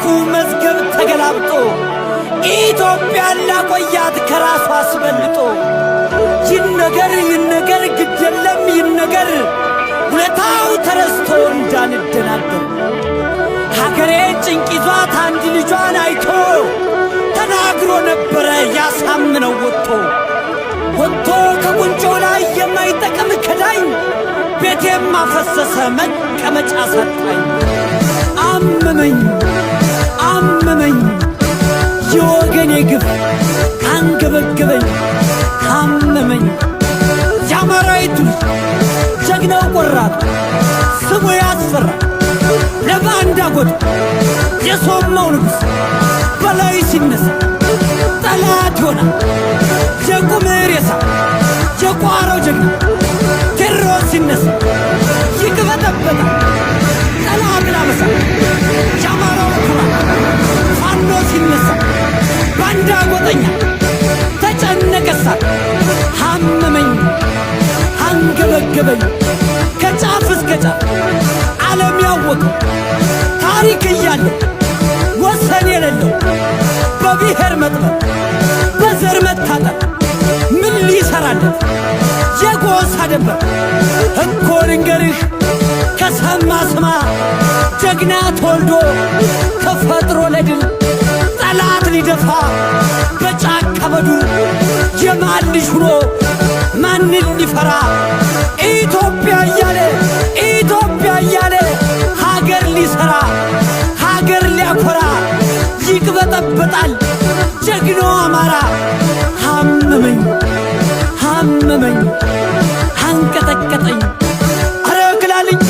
የታሪኩ መዝገብ ተገላብጦ ኢትዮጵያን ላቆያት ከራሱ አስበልጦ ይነገር ነገር ግድ የለም ነገር ሁለታው ተረስቶ እንዳንደናገር ሀገሬ ጭንቅ ይዟት አንድ ልጇን አይቶ ተናግሮ ነበረ ያሳምነው ወጥቶ ወጥቶ ከቁንጮ ላይ የማይጠቅም ከዳኝ ቤቴም አፈሰሰ መቀመጫ ሰጠኝ አመመኝ ጀግናው ቆራጥ ስሙ ያስፈራ ለባንዳ ጎጥ የሶማው ንጉሥ በላይ ሲነሳ ጠላት ይሆናል ጀንቁ ምሬሳ የቋረው ጀግና ቴዎድሮስ ሲነሳ ይቅበጠበታል። ያስመዘገበኝ ከጫፍ እስከ ጫፍ ዓለም ያወቀ ታሪክ እያለ ወሰን የሌለው በብሔር መጥበብ በዘር መታጠብ ምን ሊሰራለት የጎሳ ድንበር እኮ ልንገርህ ከሰማ ስማ ጀግና ተወልዶ ተፈጥሮ ለድል ጠላት ሊደፋ በጫካ በዱር የማን ልጅ ሁኖ ማንን ሊፈራ ይበጠበጣል ጀግኖ አማራ ሀመመኝ ሀመመኝ አንቀጠቀጠኝ አረክላልኝ